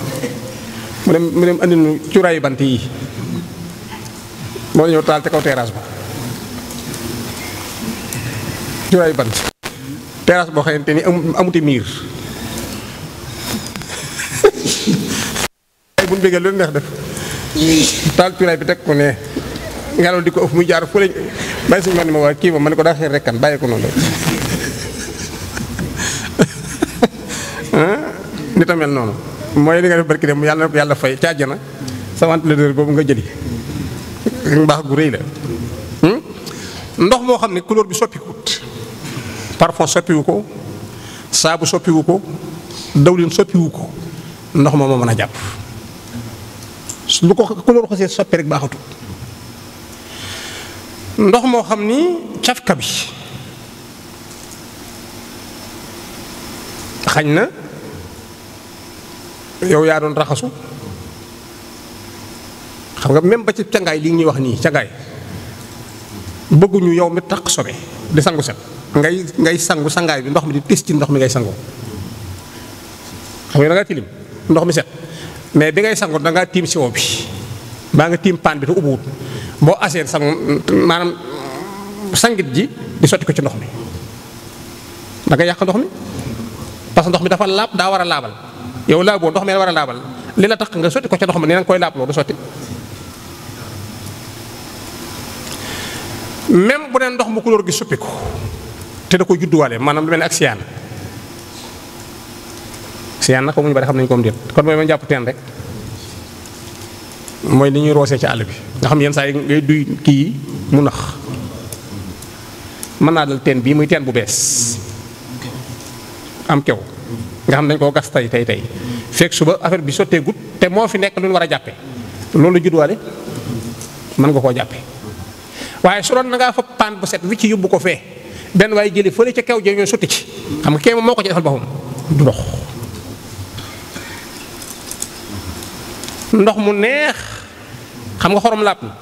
mu dem mu dem andi ci ray bant yi mo ñu taal ci kaw terrasse ba ray bant terrasse bo xamante amuti miir bu ñu bëggee lu neex bi teg ko ne ngelaw di ko ëff jaar fu lañ bàyyi suñu ma waa kii ma ma ne ko daa xeer rekkan bàyyi ko noonu [LAUGHS] ni tamel noonu mooy li nga def barki dem yàlla na ko yàlla fay ca na sa ventilateur boobu nga jëli mbaax gu rëy la ndox moo xam ne couleur bi soppikuwut parfum soppiwu ko saabu soppiwu ko dawlin soppiwu ko ndox moo ma mën a jàpp lu ko ku loolu xasee soppi rek baaxatul ndox moo xam ni cafka bi xañ na yow yaa doon raxasu xam nga même ba ci cangaay li ñuy wax nii cangaay bëgguñu yow mi tax sobe di sangu set ngay ngay sangu sangaay bi ndox mi di tis ci ndox mi ngay sangoo xam nga da tilim ndox mi set mais bi ngay sangu da ngaa tiim siwo bi baa ngi tiim paan bi te ubbuwut boo aseen sangu maanaam sangit ji di sotti ko ci ndox mi danga yàq ndox mi parce que ndox mi dafa laab daa war a laabal yow laaboo ndox mi war a laabal li la tax nga sotti ko ci ndox mi nee na koy laabloo du sotti même bu neen ndox mu couleur gi suppi ko te da koy judduwaale maanaam lu mel ne ak siyaan seen na xamuñu bari xam nañu ko am déet kon mooy ma jàpp teen rek mooy li ñuy roosee ci àll bi nga xam yenn saa yi ngay duy kii mu nax mën naa dal teen bii muy teen bu bees am kew nga xam nañ koo gas tey tey tey fekk suba affaire bi sottee gut te moo fi nekk lu ñu war a jàppe loolu judduwaale mën nga koo jàppe waaye su doon na ngaa fa paan bu set wi ci yóbbu ko fee benn waaye jëli fële ci kew ja ñooy sotti ci xam nga kew moo ko ci defal boppam du dox ndox mu neex xam nga xorom laab na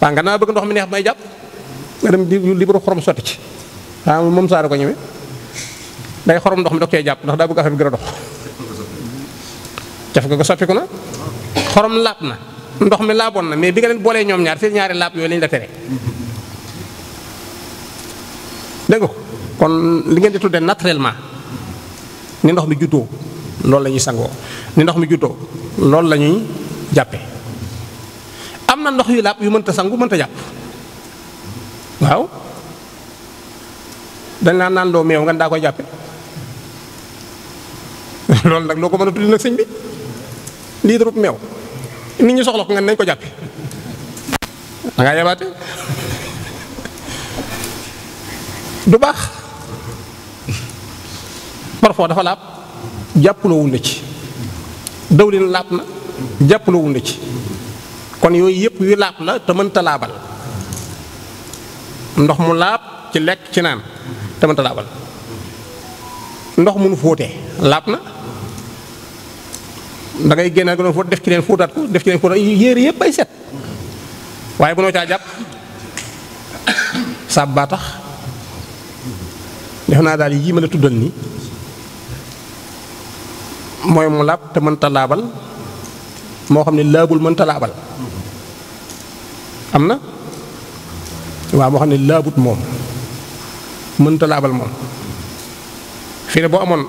waaw nga naa bëgg ndox mi neex may jàpp nga dem libre xorom sotti ci waaw moom saara ko ñeme day xorom ndox mi da cee jàpp ndax daa bëgg affaire bi gën a dox caf nga ko na xorom laab na ndox mi laaboon na mais bi nga leen boolee ñoom ñaar seen ñaari laab yooyu lañ la tere dégg nga kon li ngeen di tuddee naturellement ni ndox mi juddoo loolu lañuy ñuy sangoo ni ndox mi juddoo loolu lañuy ñuy jàppe am na ndox yu laab yu mënta sangu mënta jàpp waaw dañ la naan loo meew nga daa koy jàppe [LAUGHS] loolu nag loo ko mën a tudd nag sëñ bi liitarub meew nit ñi soxla ko nga nañ ko jàppe da ngaa yabaate [LAUGHS] du baax parfois dafa laab jàppaloowul la ci dawlin laab na jàppaloowul la ci kon yooyu yëpp yu laab la tamantalaabal ndox mu laab ci lekk ci naan te ndox mu nu fóotee laab na dangay ngay génne ko fóot def ci leen fóotaat ko def ci leen fóotaat yére yëpp ay set waaye bu noo caa jàpp sàb [COUGHS] baa tax def naa daal yii ma la tuddal nii mooy mu laab te mënta laabal moo xam ne laabul mënta laabal am na waaw moo xam ne laabut moom mënta laabal moom fii ne boo amoon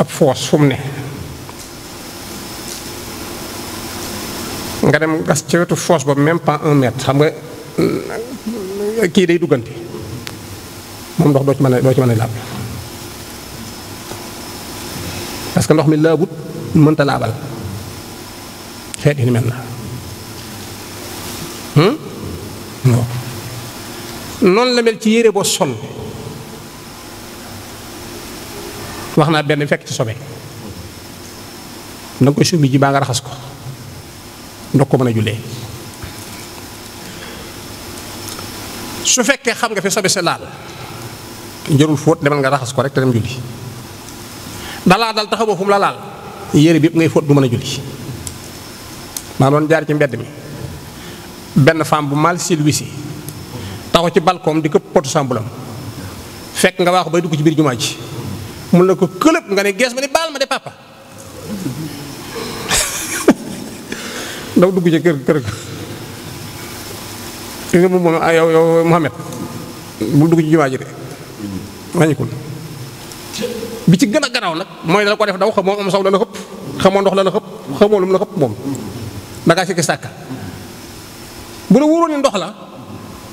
ab foos fu mu ne nga dem gas ci wetu foos ba même pas un mètre xam nga kii day duggante moom ndox doo ci mën a doo ci mën a laab parce que ndox mi laabut mënta laabal xeet yi ni mel na hmm? noonu la mel ci yére boo sol wax naa benn fekk ci sobe danga koy summi ji baa nga raxas ko ndox ko mën a jullee su fekkee xam nga fi sobe si laal jërul fóot demal nga raxas ko rek te dem julli dala dal taxawoo fu la lal yere bi ngay fot du meuna julli ma doon jaar ci mbedd mi ben femme bu mal silwisi taxaw ci balkoom di këpp potu sambulam fekk nga wax bay dug ci bir jumaa ci mun la ko këlëb nga ne ges ma ne ma de papa [LAUGHS] daw dug ci keur keur ki nga moom ah, yow yow Mohamed bu dug ci jumaa ji de bi ci gëna a nak moy mooy dala ko def daw xam mo am saw la la xam xamoo ndox la la xëpp xamoo lum la xëpp mom da nga fi sikki sakka bu la wuro ni ndox la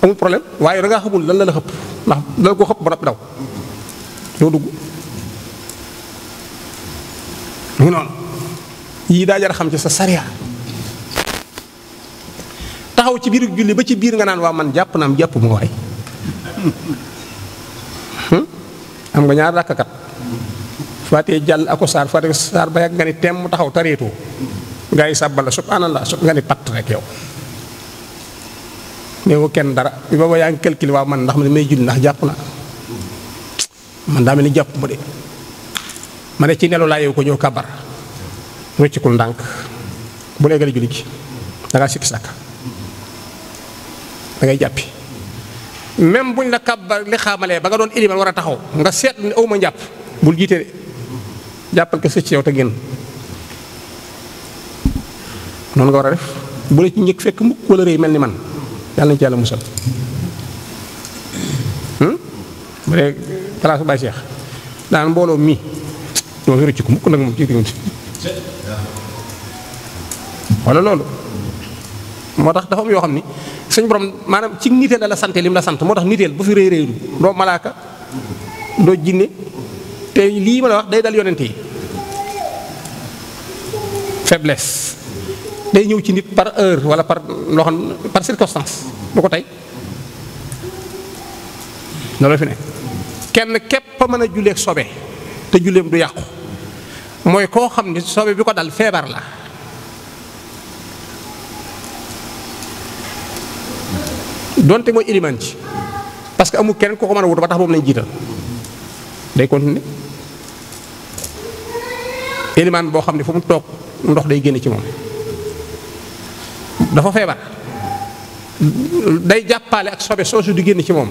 amul problème waye da nga xamul lan la la xëpp ndax dala ko xëpp borop daw do dug ñu non yi da jar xam ci sa sharia taxaw ci biir julli ba ci biir nga naan wa man japp naam jàpp mu waay [LAUGHS] hmm? am nga ñaar rakkat fati jall ako sar faatee sar ba ngani tem mu taxaw taretu gaa sabbal subhanallah sub ngani ni rek yow néewu ken dara bi booba yaa ngi calcul wa man ndax man may julli ndax na man daa ni jàpp de mané ci nelu ko ñu kabar rëccikul ndank bu léegale julli ci da nga sik sak da ngay jappi même buñ la kabar li xamalé ba nga doon ilimal wara taxaw nga ni oh, awma bul jiitee de jàppal ko sëcc ci yow te génn noonu nga war a def bu la ci njëkk fekk mukk wala rëy mel ni man yàlla nañ ci yàlla musal hmm? ba dee place Baye Cheikh daan mbooloo mii doo fi rëcc nag moom ci loolu moo tax dafa am yoo xam ni suñ borom maanaam ci niteel la la sante lim la sant moo tax niteel bu fi rëy rëylu doo malaaka doo jinne te lii man a wax day dal yonent yi faiblesse day ñëw ci nit par heure wala par loo xam par circonstance du ko tey loolu fi ne kenn képp a mën a julleek sobe te julleem du yàqu mooy koo xam ni sobe bi ko dal feebar la donte mooy ilimaan ci que amul kenn koo ko mën a wut ba tax moom lañ jiital day continuer élimaan boo xam ne fu mu toog ndox day génn ci moom dafa feebar day jàppale ak sobe soosu di génn ci moom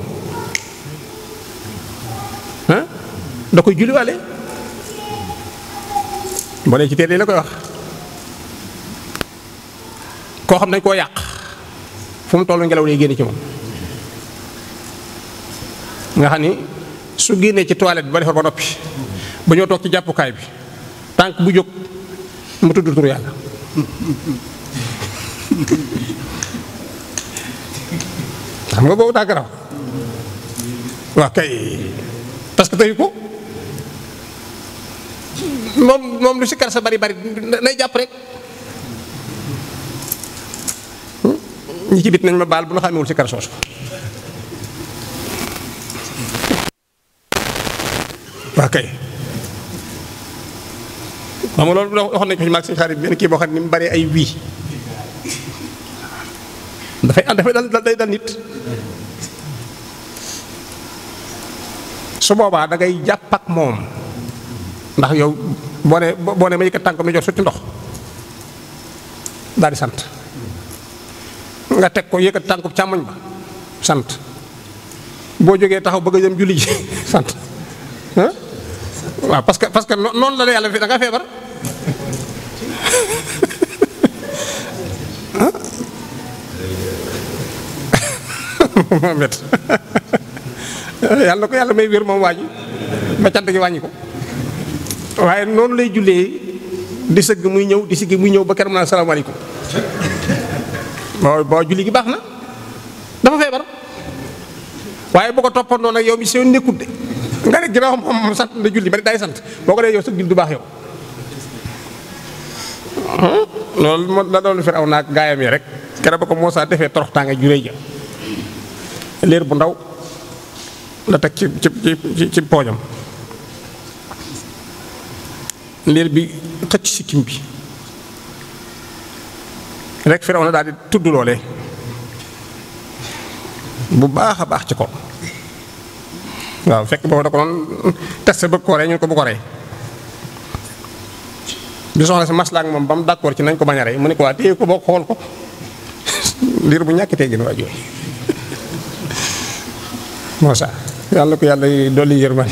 da koy julliwaale boo nee ci téere la koy wax koo xam dañ koo yàq fu mu tollu ngelaw lay génn ci moom nga xam ni su génnee ci toilette bi ba defar ba noppi ba ñoo toog ci jàppukaay bi tànk bu jóg mu tudd tur yàlla xam nga boobu tàgg raw waa kay parce que tey ko moom moom lu si kar sa bari bari nay jàpp rek ñi ci bit nañ ma baal bu nu xàmmewul si kar soosu waa kay xam nga loolu waxoon nañu ko ci maag sëñ xarit benn kii boo xam ne ni mu bëree ay wii dafay dafay dal nit su boobaa da ngay jàpp ak moom ndax yow boo ne boo ne ma yëkkat tànk mi jot sotti ndox daal di sant nga teg ko yëkkat tànkub càmmoñ ba sant boo jógee taxaw bëgg a jëm julli ji [LAUGHS] sant waaw parce que parce que noonu la la yàlla fi da nga feebar [LAUGHS] moo met [LAUGHS] yàlla ko yàlla may wér moom wàññi ba cant gi wàññi ko waaye noonu lay jullee di sëgg muy ñëw di siggi muy ñëw ba keram naa salaamaaleykum boo boo julli gi baax na dafa feebar waaye boo ko toppandoo nag yow mi seen nekkut de nga a ginnaaw moom sant na julli ba day sant boo ko dee yow sëg julli du baax yow loolu moo la doon firaw naag gaayam yi rek keroog ba ko Moussa defee torox tànga ju rëy ja liir bu ndaw la teg ci ci ci poojam liir bi xëcc kim bi rek firaw na daal di tudd loole bu baax a baax ci ko waaw fekk boobu da ko doon test bëgg ko rey ñun ko bu ko rey bi soxla ci maslaa ak moom ba d'accord ci nañ ko bañare mu ne ko waté ko bok xol ko [LAUGHS] liir bu ñakité gën wa joy [LAUGHS] mo sa yalla ko yalla doli yermal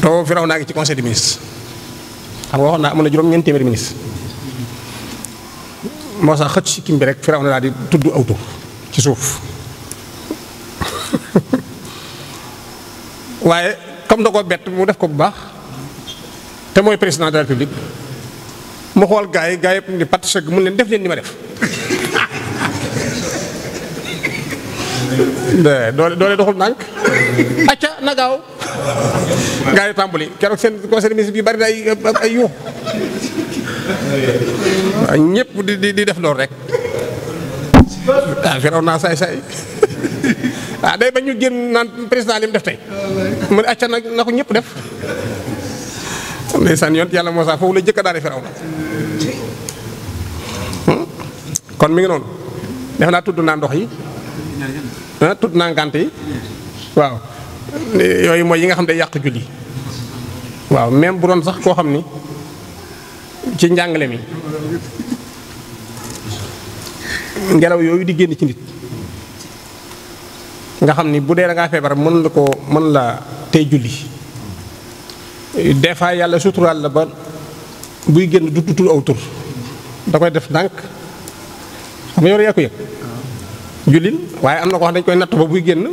do fi raw naa ci conseil des ministres xam nga waxoon naa amoon na juróom ñeenti téeméeri ministre mo sa xëc ci bi rek fi raw na daal di tuddu auto ci suuf [LAUGHS] waye comme da koo bett mu def ko bu baax te mooy président de la mu xool gaa yi gaa yëpp ni patt sëgg mun leen def leen ni ma def [LAUGHS] doole doole doxul ndànk acca na gaaw gaa yi tàmbali keroog seen conseil des bari na ay ay yuux waaw ñëpp di di def loolu rek ah firaw naa saay saay [LAUGHS] ah day ba ñu génn naan président li mu def tey mu acca na na ko ñëpp def [LAUGHS] ndeysaan yont yàlla Muusaa foofu la jëkk a daane Firawna hmm? kon mi ngi noonu def naa tudd naa ndox yi tudd naa ngànt yi waaw yooyu mooy yi nga xam ne yàq julli waaw même bu doon sax koo xam ni ci njàngale mi ngelaw yooyu di génn ci nit nga xam ni bu dee da ngaa feebar mën la ko mën la tey julli des fois yàlla suturaal la ba buy génn du tudd aw tur da koy def ndànk xam nga yow yaa ko yëg jullil waaye am na ko wax dañ koy natt ba buy génn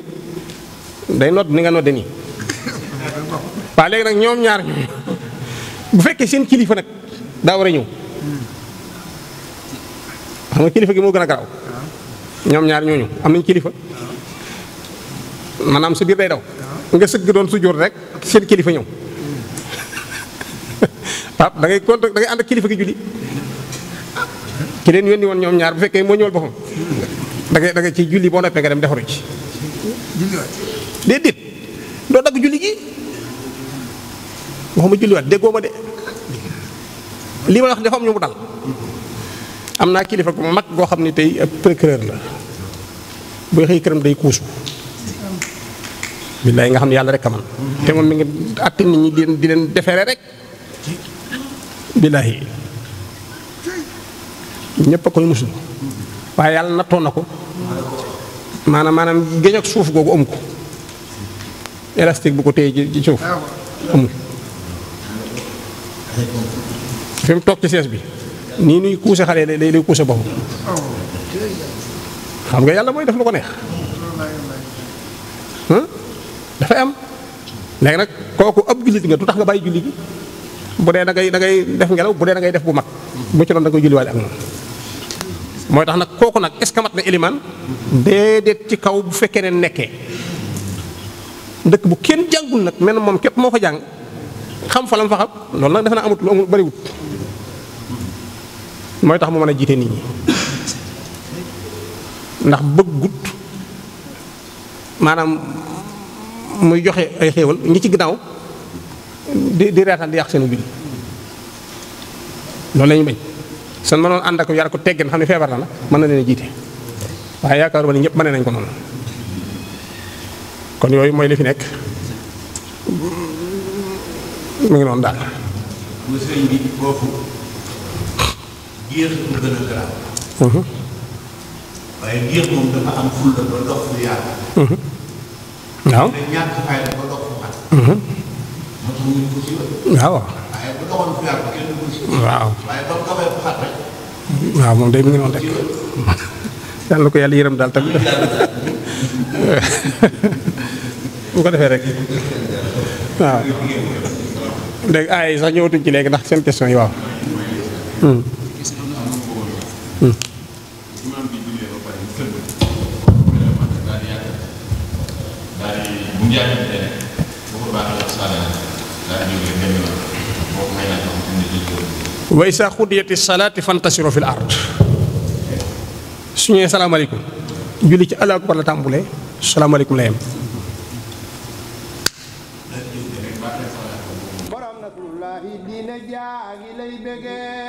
day nodd ni nga nodde nii waaw léegi nag ñoom ñaar ñoom bu fekkee seen kilifa nag daa a ñëw xam gi moo gën a garaaw ñoom ñaar ñooñu am nañ kilifa maanaam sa biir day daw nga sëgg doon su jur rek seen kilifa ñëw pap da ngay contre da ànd kilifa ki julli ki leen yónni woon ñoom ñaar bu fekkee moo ñëwal boppam da ngay da ci julli boo noppee nga dem defaru ci dagg julli gi waxuma julliwaat déggoo ma de li may wax dafa mu mag goo xam ne tey ab procureur la day kuusu nga xam ne yàlla rek a man di leen di rek billaahi ñépp a koy muslu waaye yàlla nattoon na ko maanaam maanaam géej ak suuf googu amu ko élastique bu ko téye ci suuf amul fi mu toog ci sees bi nii nuy kuuse xale day day kuuse boppam xam nga yàlla mooy def lu ko neex dafay am léegi nag kooku ab jullit nga du tax nga bàyyi julli gi bu dee da ngay def ngelaw bu dee da def bu mag bu ci doon da nga julliwaale ak moom mooy tax nag kooku nag est-ce que mat na ilimaan déedéet ci kaw bu fekkee ne nekkee dëkk bu kenn jàngul nag mel moom képp moo ko jàng xam fa lam fa xam loolu nag defe naa amut lu amul bariwut mooy tax mu mën a jiite nit ñi ndax bëggut maanaam muy joxe ay xéewal ñi ci ginnaaw di di reetaan di yàq seen julli loolu la ñu bañ san mënoon ànd ak yar ko teggin xam ne feebar na la mën na leen a jiite waaye yaakaaruma ni ñëpp mën nañ ko noonu kon yooyu mooy li fi nekk mu ngi noonu daal. sëriñ bi foofu géex mu gën a garaaw. Mhm. waaye géex moom dafa am fulla ba dox fu yaatu. Mhm. waaw ñàkk fayda ba dox fu mat. Mhm. waaw. waaw. waaw moom de mi ngi noonu rek yàlla na ko yàlla yërëm daal tamit bu ko defee rek waaw dégg ay sax ñëwatuñ ci léegi ndax seen question yu waaw hmm. Hmm. wa isa xudiyati salaati fantasiru fil ard su ñëwee salaamaaleykum julli ci allahu akbar la tàmbulee salaamaaleykum la